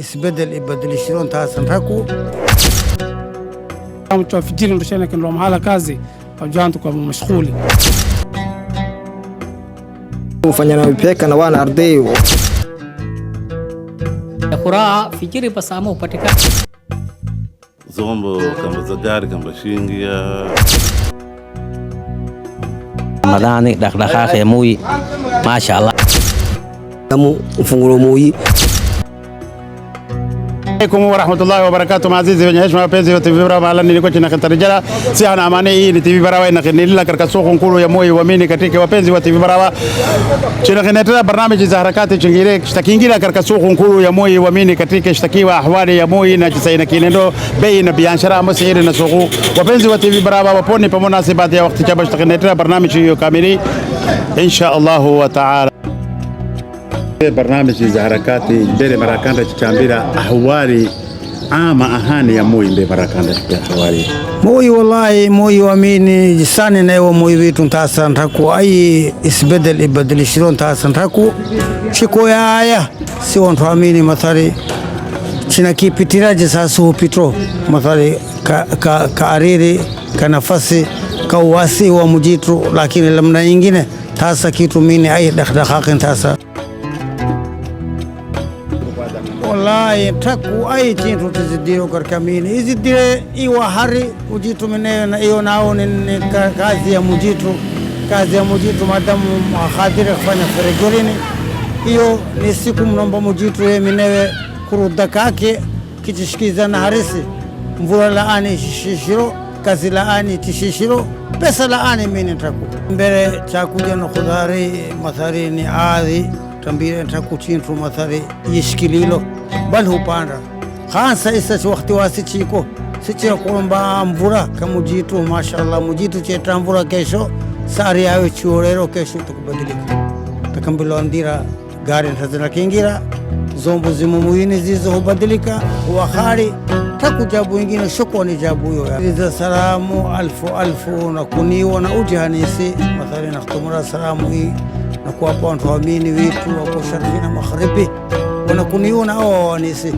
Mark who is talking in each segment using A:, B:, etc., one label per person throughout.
A: isbedel ay bedeliso intaasan raku
B: tuafikiri ndo shana kendo mahala kazi pajantu kwa mashghuli
C: ufanya na mpeka na wana ardeyo
D: kuraa fikiri pasamo upatikana
E: zombo kama za gari kama shingi ya
F: Ramadhani dakdakha khemuyi mashallah
G: kamu mfungulo muyi
H: عليكم ورحمة الله وبركاته معزيزي من هشام بيزي وتي في برافو على نيكو تشينا كتر رجالا سيانا اماني اي تي في برافو اي نخي نيلا كركا سوق نقولوا يا موي وميني كتيك وبيزي وتي في برافو تشينا كي نتلا برنامج زي حركات تشينغيري تشتاكينغيلا كركا سوق نقولوا يا موي وميني كتيك تشتاكي واحوالي يا موي نجسين كيلندو بي شرا مسير نسوق وبيزي وتي في برافو وبوني بمناسبة وقت تشابش تخي نتلا برنامج يو كاميري ان شاء الله تعالى
I: za harakati mbere barakanda chichambira ahwari ama ahani ya muyi mbe barakanda chichawari
J: muyi wallahi muyi wamini jisani naiwo muyi vitu ntasa ntaku ai isbedel ibadilishiro ntasa ntaku chikoyaya si wantu amini mathari china kipitira jisasu hupitro mathari ka, ka, ka ariri ka nafasi ka uwasi wa mujitu lakini lamna ingine tasa kitu mini ayi dakhdakhakin tasa
K: lai taku ai chin thu kar kamini izidire iwa hari ujitu mene na iyo nao ni kazi ya mujitu kazi ya mujitu madamu hadire kufanya ferejelini iyo ni siku mnomba mujitu ye minewe kuruda kake kichishikiza na harisi mvula laani shishiro kazi laani tishishiro pesa laani mini taku mbele chakuja na kudhari mathari ni adhi tambira tambire ntakuchintru mathave yishikililo bali hupanda hasa isa wasi chiko sichiko sichekulomba mvura kamujitu mashallah mujitu cheta mvura kesho sari yawe chiolero kesho tukubadilika takambilwa ndira gari kingira zombo zimumuini zizo hubadilika wahari taku jabu ingine shukrani jabu yo za salamu alfu alfu na kuniwa na ujihanisi mathali nakhtumura salamu hii na kuwapa watu waamini wetu wako shariki na magharibi wanakuniona hao wanisi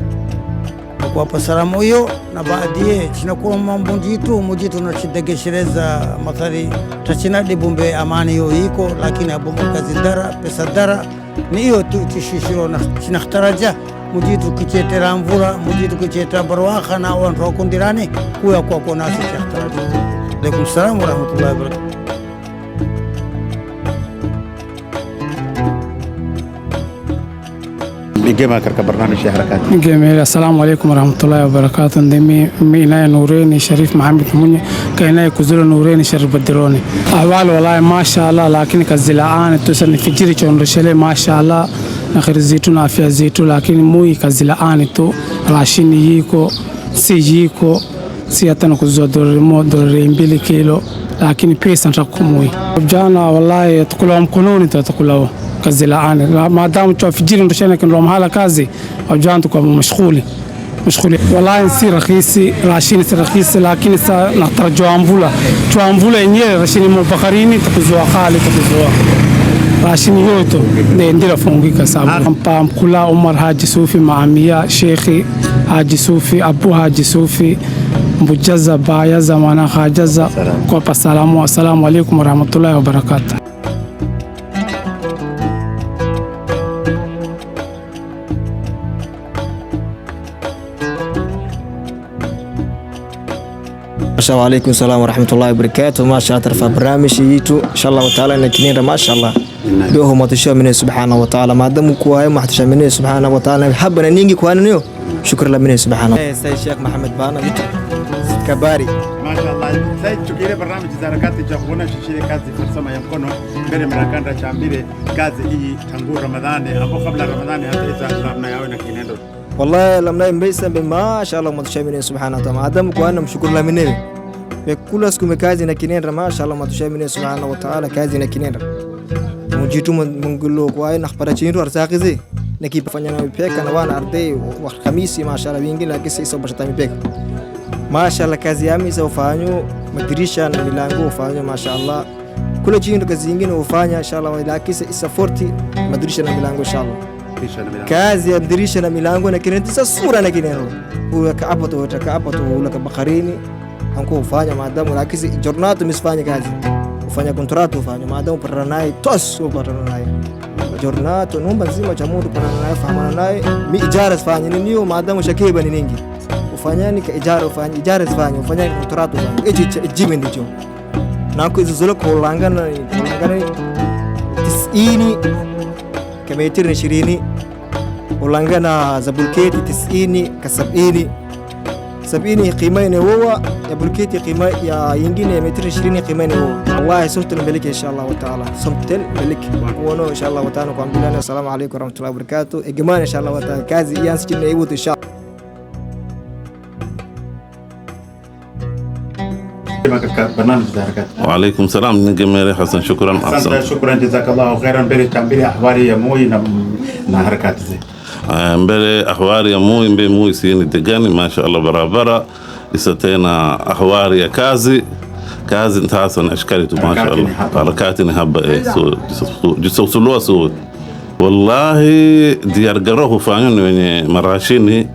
K: nakuwapa salamu hiyo, na baadie chinakuwa mambo njitu mujitu nachidegeshereza mathari tachinadi bumbe amani hiyo iko lakini kazi dara pesa dara ni hiyo tu tishishiro na chinakhtaraja mujitu kichetera mvura mujitu kichetera barwakha na wantu wakundirani kuya kwako nasi chahtaraja. Alaikum salamu warahmatullahi wabarakatu.
L: nigema katika barnamij ya harakati
B: nigema. Assalamu alaykum warahmatullahi wabarakatuh. Ndimi mina Nureni Sharif Mohamed Munye kaina kuzula Nureni Sharif Badironi ahwal wallahi ma sha Allah, lakini kazi laani tusani fijiri chondoshele ma sha Allah na kheri zetu na afya zetu, lakini mui kazi laani tu rashini yiko si yiko si hata nakuzua dola moja dola mbili kilo, lakini pesa ntakumui jana wallahi tukula mkononi tutakula kazi laana maadamu cha fijiri ndo shana kin mahala kazi wajantu kwa mashghuli mashghuli wallahi si rahisi rashini si rahisi lakini sa na natarajua mvula tu mvula yenyewe rashini mo bakarini tukuzua khali tukuzua rashini yoto ndio ndira fungika sana ah. mpa mkula Umar Haji Sufi maamia Sheikh Haji Sufi Abu Haji Sufi mbujaza Baya Zamana hajaza kwa pasalamu assalamu alaykum warahmatullahi wabarakatuh
C: Assalamu alaikum salamu warahmatullahi wabarakatuh. Mashallah, tarafa barnamish yitu inshallah wa taala inakinira mashallah doho matusha mine subhanahu wa taala maadamu kuwa hayo mahtusha mine subhanahu wa taala habana ningi kwa nani shukr la mine subhanahu eh sai Sheikh Mohamed Bana yitu kabari
H: mashallah sai tukile barnamish zarakati cha kuona shishile kazi farsama ya mkono mbele mrakanda cha mbili kazi hii tangu Ramadhani hapo kabla Ramadhani hata islamna yao na kinendo
C: wallahi lamna mbisa be mashallah matusha mine subhanahu wa taala maadamu kuwa namshukuru la mine mekula siku mekazi na kinenda mashallah mine subhanahu wa ta'ala kazi na kinenda mujitu mungulu kwa ay nakhbara chinru arsaqizi nakifanya na mipeka na wana arde wa khamisi mashallah wingi lakini sasa bashata mipeka mashallah kazi yami isa ufanyo madirisha na milango ufanyo mashallah kula chini kazi nyingine ufanya inshallah lakini isa forti madirisha na milango inshallah kazi ya madirisha na milango na kinenda sura na kinenda huyo kaapo tu utakapo tu ulaka bakarini hankuwa ufanya maadamu lakini jornatu misifanye kazi ufanya kontratu ufanya maadamu patana naye tos upatana naye jornatu numba nzima cha mtu patana naye fahamana naye mi ijara sifanye ni niyo maadamu shakiba ni ningi ufanya ni ka ijara ufanya ijara sifanye ufanya kontratu ufanye ichi ijiwe ndicho nako izo zolo kulangana kulangana tisini kameitiri ishirini ulangana za bulketi tisini kasabini سبيني قيمين هو يا بلوكيتي قيمة يا ينجيني متر عشرين قيمين هو الله سمت الملك إن شاء الله وتعالى سمت الملك وأنا إن شاء الله وتعالى وقام بنا السلام عليكم ورحمة الله وبركاته إجمال إن شاء الله وتعالى كازي يانس كنا إيوت إن شاء
L: الله
M: وعليكم السلام من جميل حسن شكرا أحسن
L: شكرا جزاك الله خيرا بركة بلي أحواري يا موي نهاركات زي
M: mbele ahwari ya mui mbe mui sieni tegani masha Allah barabara isa tena ahwari ya kazi kazi ntasa na ashkari tu masha Allah harakati ni haba eh so jisawsulua so wallahi diyar garo hufanyo ni wenye marashini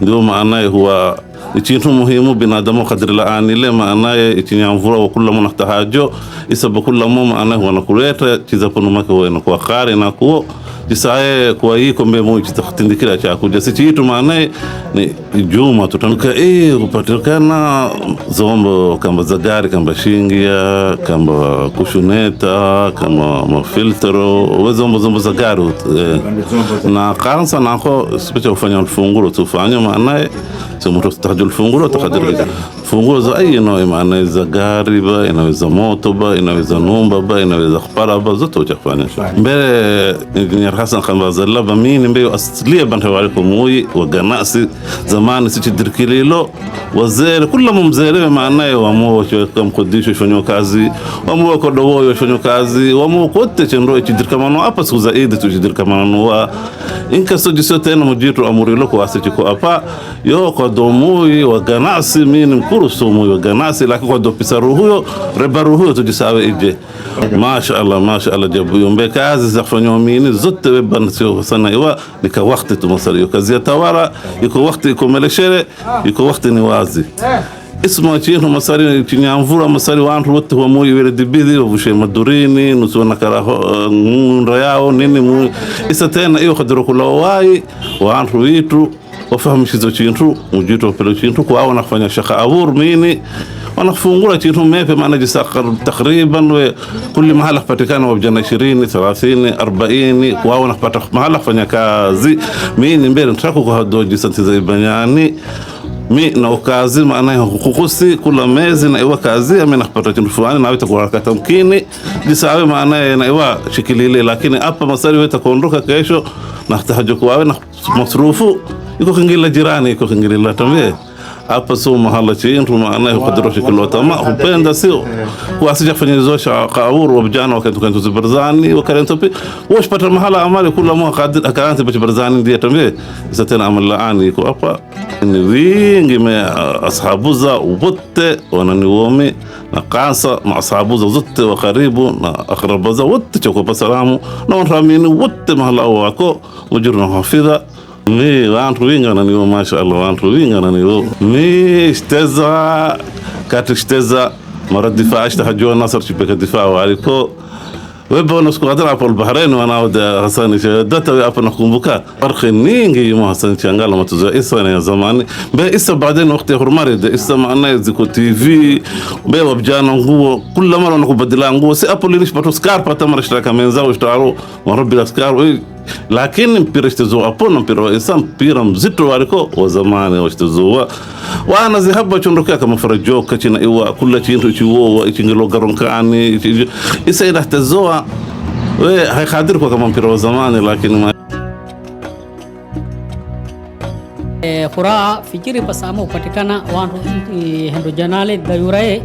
M: ndio maanaye huwa icintu muhimu binadamu kadri la laanile maanaye kula wakulamo tahajo isaba kulamo maanaye wanakuleta chizaponumake inakuwa kari nakuo chisaye kuwayikombe mu chitakutindikira chakuja sichiitu maanaye ni juma tutanuka e, eh, kupatikana zombo kamba za gari kamba shingia kamba kushuneta kamba mafiltero we zombo zombo za gari eh. na kansa nako sipecha ufanya lfunguro tufanya maanaye eh, simutu tahaju lfunguro funguo za aina ima inaweza gari ba inaweza moto ba inaweza nyumba ba inaweza khpara ba zote utafanya mbele Injinia Hassan Khambazalla bamini mbeyo aslia bantu waliko muyi wa ganasi zamani sichi dirkililo wazere kula mumzere maana ya wamu kwa mkodisho ifanywa kazi wamu kwa dowo ifanywa kazi wamu kote chendo ichidirkamano apa siku zaidi tuchidirkamano wa inka sojisyo tena mujitu amurilo kwa asichiko apa yo kwa domuyi wa ganasi mini mkuu tunashukuru sumu hiyo ganasi, lakini kwa dopisaru huyo rebaru huyo tujisawe ije mashaallah mashaallah jabuyumbe kazi za kufanya waamini zote webanasio sana iwa nika wakati tumasari kazi ya tawala iko wakati iko meleshere iko wakati ni wazi isma chintu masari chinyamvura masari wantu wote wa moyo wele dibidi wavushe madurini nusu na karaho ngunda eh, yao nini mu isa tena iyo kadro kulawai wantu witu wafahamisize chintu mujito pelo chintu kwao nakufanya shaka awur mini wanakufungula chintu mepe maana jisaka takriban we kuli mahala kupatikana wabijana 20 30 40 kwao nakupata mahala kufanya kazi mini mbele ntaku kwa doji santi za ibanyani mi na ukazi maana ya kukusi kula mezi na iwa kazi ame nakupata chintu fulani na wita kwa katamkini jisawe maana na iwa shikilile lakini apa masari weta kuondoka kesho na wawe na masrufu iko kingila jirani, iko kingila tambie hapa sio mahala chintu maanaye kudirosha kila tama upenda sio eh. kuasija kufanyizosha qaur wa vijana wakati kwa ntuzi barzani wakarento pe wash pata mahala amali kula mwa kadi akaanza bach barzani ndia tambe zatena amal laani iko hapa ni wingi me uh, ashabuza wote wananiwomi na qasa ma ashabu za zote wa karibu na akrabu za wote choko salamu na wanramini wote mahala wako mujuru na hafidha mi vantu vingana nivo mashallah vantu vingana nivo ni shteza kati shteza mara difaa ashtahajuwa nasar chipeka difaa waliko webona siku hadana hapo Bahrain wanaoda Hassan data hapo nakumbuka farqi nyingi yumo Hassan changala matuzo isa na zamani be isa baadaye wakati hurmari de isa maana ziko TV be wabjana nguo kila mara nakubadila nguo si hapo lilish patu scarpa tamara shiraka menzao ishtaro wa rabbil askar lakini mpira uchtezwa apana mpira wa insan mpira mzito waliko wa zamani wachitezowa wana zihaba chondokea kama farajoka china iwa kula chintu chiwowa ichingilo garonkaani isa idahtazowa we kwa kama mpira wa zamani lakini
D: Eh, furaha fikiri pa samu patikana wandu hendo janale dayurae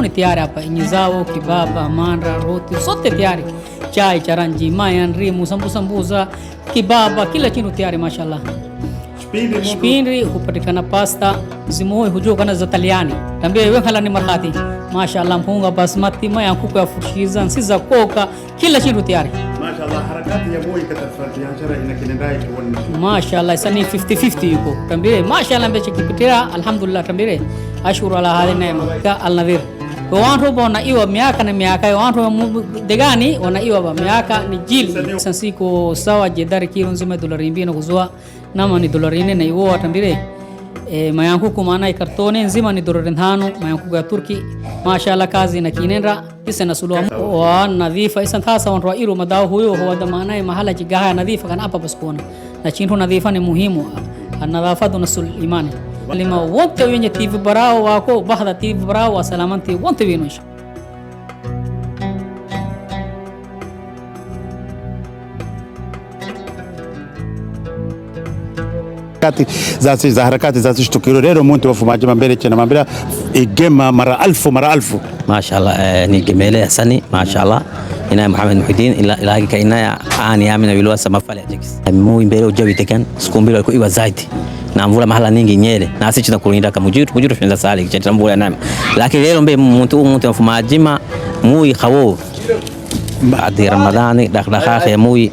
D: ni tiyari apa inyizawo kibaba mandra roti sote tiyari chai charanji mayanrimu sambusambuza kibaba kila chintu tiyari mashallah shpindri hupatikana pasta zimuhi kana za taliani tambia yuwe khala ni marhati mashallah mpunga basmati ya fushiza nsiza koka kila chintu tiyari
L: harakati ya Moi katika biashara inakendaye
D: Mashallah sani 50-50 yuko tambire mashallah mbeche kipitira alhamdulillah tambire Ashura ala hali neema ka alnadhir kwa watu iwa miaka na miaka watu degani ba miaka ni jili sasa siko sawa jedari kilo nzima dolari mbili na kuzua nama ni dolari nne na iwo tambire E, mayankuku maanaye kartone nzima ni dorore ntano mayankuku ya turki mashallah kazi na kinenda isa na sulu wa nadhifa isa thasa wa rairu madao huyo huwa da maanaye mahala jigaha nadhifa kana hapa basipona na chintu nadhifa ni muhimu anadhafatu na sul imani lima wote wenye TV barao wako bahda TV barao wa salamanti wote wenye
L: harakati za za harakati za shitukiro rero umuntu bafumaje mambere cyane mambira igema mara alfu mara alfu
F: mashallah eh, ni gemele hasani mashallah inaya Muhammad Muhiddin ila ila ilahika inaya ani amina wilwa sama fale jikis eh, mu imbere ujawi siku sikumbiro iko iwa zaidi na mvula mahala ningi nyele na asichita kulinda kama mujitu mujitu shinda sali kicha mvula nami lakini leo mbe muntu muntu ma mui khawo baada ya Ramadhani dakhdakha ya mui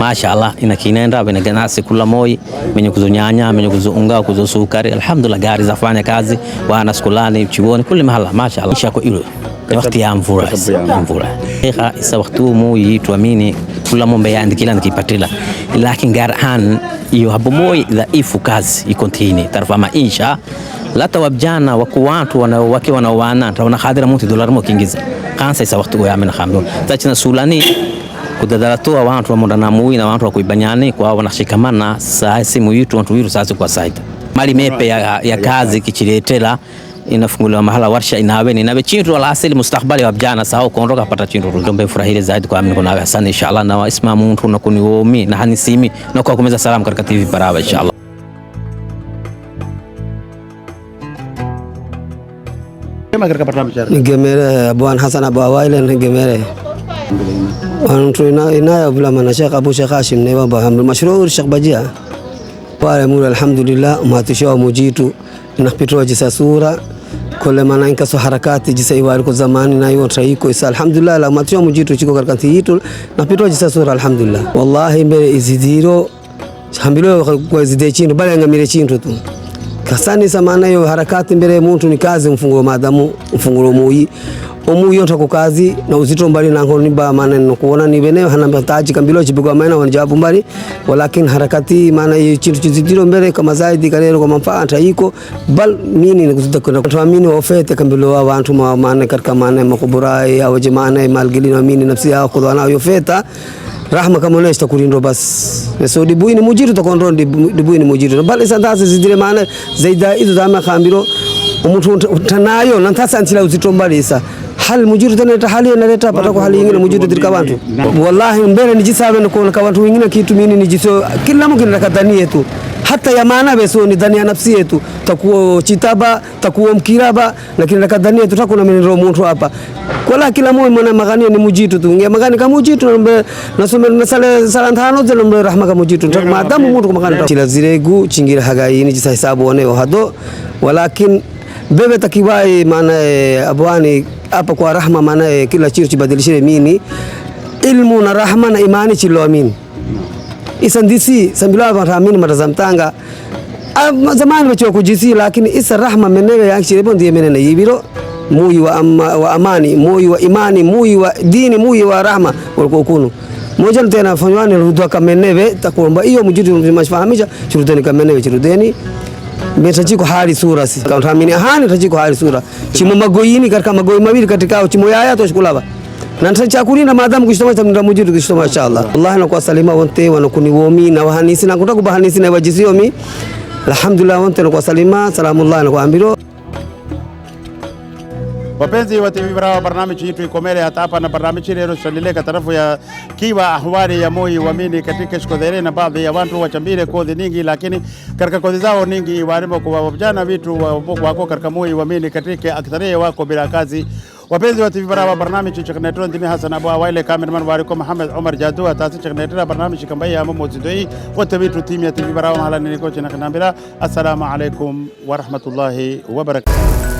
F: Masha Allah ina kinenda bina ganasi kula moi menye kuzunyanya menye kuzunga kuzusukari alhamdulillah, gari zafanya kazi wana skulani chiboni kule mahala Masha Allah isha kwa ile wakati ya mvura ya mvura kha isa wakati mu yitwamini kula mombe ya yandikila nikipatila lakini gari han iyo habu moi dhaifu kazi ikontini tarfa ma maisha lata wabjana waku watu wanawake wanaoana tawana khadira muti dolar mo kingiza kansa isa wakati ya amina khamdo tachina sulani wa wantu wamondanamuwi na wa wakuibanyane kwa wanashikamana saa simu yitu watu wiru saa kwa saita mali mepe ya, ya kazi kichiletela inafunguliwa mahala warsha inawe ni nawe chintu ala asili mustakbali wa vijana sahau kuondoka pata chintu ndombe furahili zaidi kwa amini kunawe hasani inshallah na wa isma muntu na kuniomi na hanisimi na kwa kumeza salamu katika TV Parawa inshallah
L: ngemere bwana Hassan Abu Awaile ngemere mbeleni ina inaya vulama mana Sheikh Abu Sheikh Hashim ne baba hamdu mashruur Sheikh Bajia pale mura alhamdulillah matisho mujitu na pitro sa sura kole mana inka so harakati ji jisa iwari ko zamani na iwo traiko isa alhamdulillah la matisho mujitu chiko kar kanti tiyitu na pitro sa sura alhamdulillah wallahi mbele izidiro hambilo ko izide chindu bale ngamire chindu tu kasani samana yo harakati mbere muntu ni kazi mfungo madamu mfungo muyi omuyo ntakukazi na uzito mbali nango ni ba maana nokuona ni bene hana mtaji kambilo mana maana wanjabu mbali walakin harakati maana hiyo chitu chizitiro mbele kama zaidi kaneno kwa mapata iko bal mini ni kuzuta kuna tuamini waofete kambilo wa watu ma mana katika maana makubura au jemaana malgili na mini nafsi yao kwa nayo feta rahma kama leo itakurindo bas so dibuini mujiru takondondi dibuini mujiru bali sandazi zidire maana zaida izo zama kambilo umuntu utanayo na sasa ntila uzitombalisa hali mujiru tena eta hali inaleta pata kwa hali nyingine mujiru dirika bantu wallahi mbele nijisabe na kuona kwa watu wengine kitu mimi nijisio kila mtu kinataka dhani yetu hata ya maana beso ni dhani ya nafsi yetu takuwa chitaba takuwa mkiraba lakini kinataka dhani yetu takuna mwenendo mtu hapa kwa la kila mmoja mwana magani ni mujitu tu ngia magani kama mujitu na nasome na sala sala ntano zile nombe rahma kama mujitu tak maadamu mtu kama kana chila ziregu chingira hagaini jisa hisabu oneo hado walakin bebe takiwai maanaye eh, abwani apa kwa rahma maanaye eh, kila chiru chibadilishire mini ilmu na rahma na imani amini isa ndisi sambilava ramini mtanga ah, zamani vachiwa kujisi lakini isa rahma menewe yanchirepo ndiye menene yiviro muyi wa, ama, wa amani muyi wa imani muyi wa dini muyi wa rahma ukunu moja ntena fanywani rudwa kamenewe takuomba iyo mujudu mashfahamisha chirudeni kamenewe chirudeni betachiko hali sura si kautamini hani tachiko hali sura chimo magoyini katika magoyi mawili katika chimo yaya toshikulaba na ntachakulinda maadamu kushitoma cha mnda mujitu kushitoma cha Allah Allah na kwa salima wonte wanakuni womi na wahanisi na kutakuba hanisi na wajisio alhamdulillah wonte na kwa salima salamullah na kwa ambiro
H: Wapenzi wa TV Baraka, barnamichi yitu ikomele hata hapa, na barnamichi lero salileka tarafu ya kiwa ahwari ya moi wamini katika shikohere, na baadhi ya watu wachambire kodhi ningi, lakini katika kodhi zao ningi warimo kwa vijana vitu wako katika moi wamini katika aktaria wako bila kazi. Wapenzi wa TV Baraka, barnamichi chaknetura ndimi Hassan Abu Awaile, cameraman wariko Muhammad Omar Jadu, atasi chaknetura barnamichi ya ama zidoi wote vitu timu ya TV Baraka mahala nilikochi na kanambira. Assalamu alaikum warahmatullahi wabarakatuh.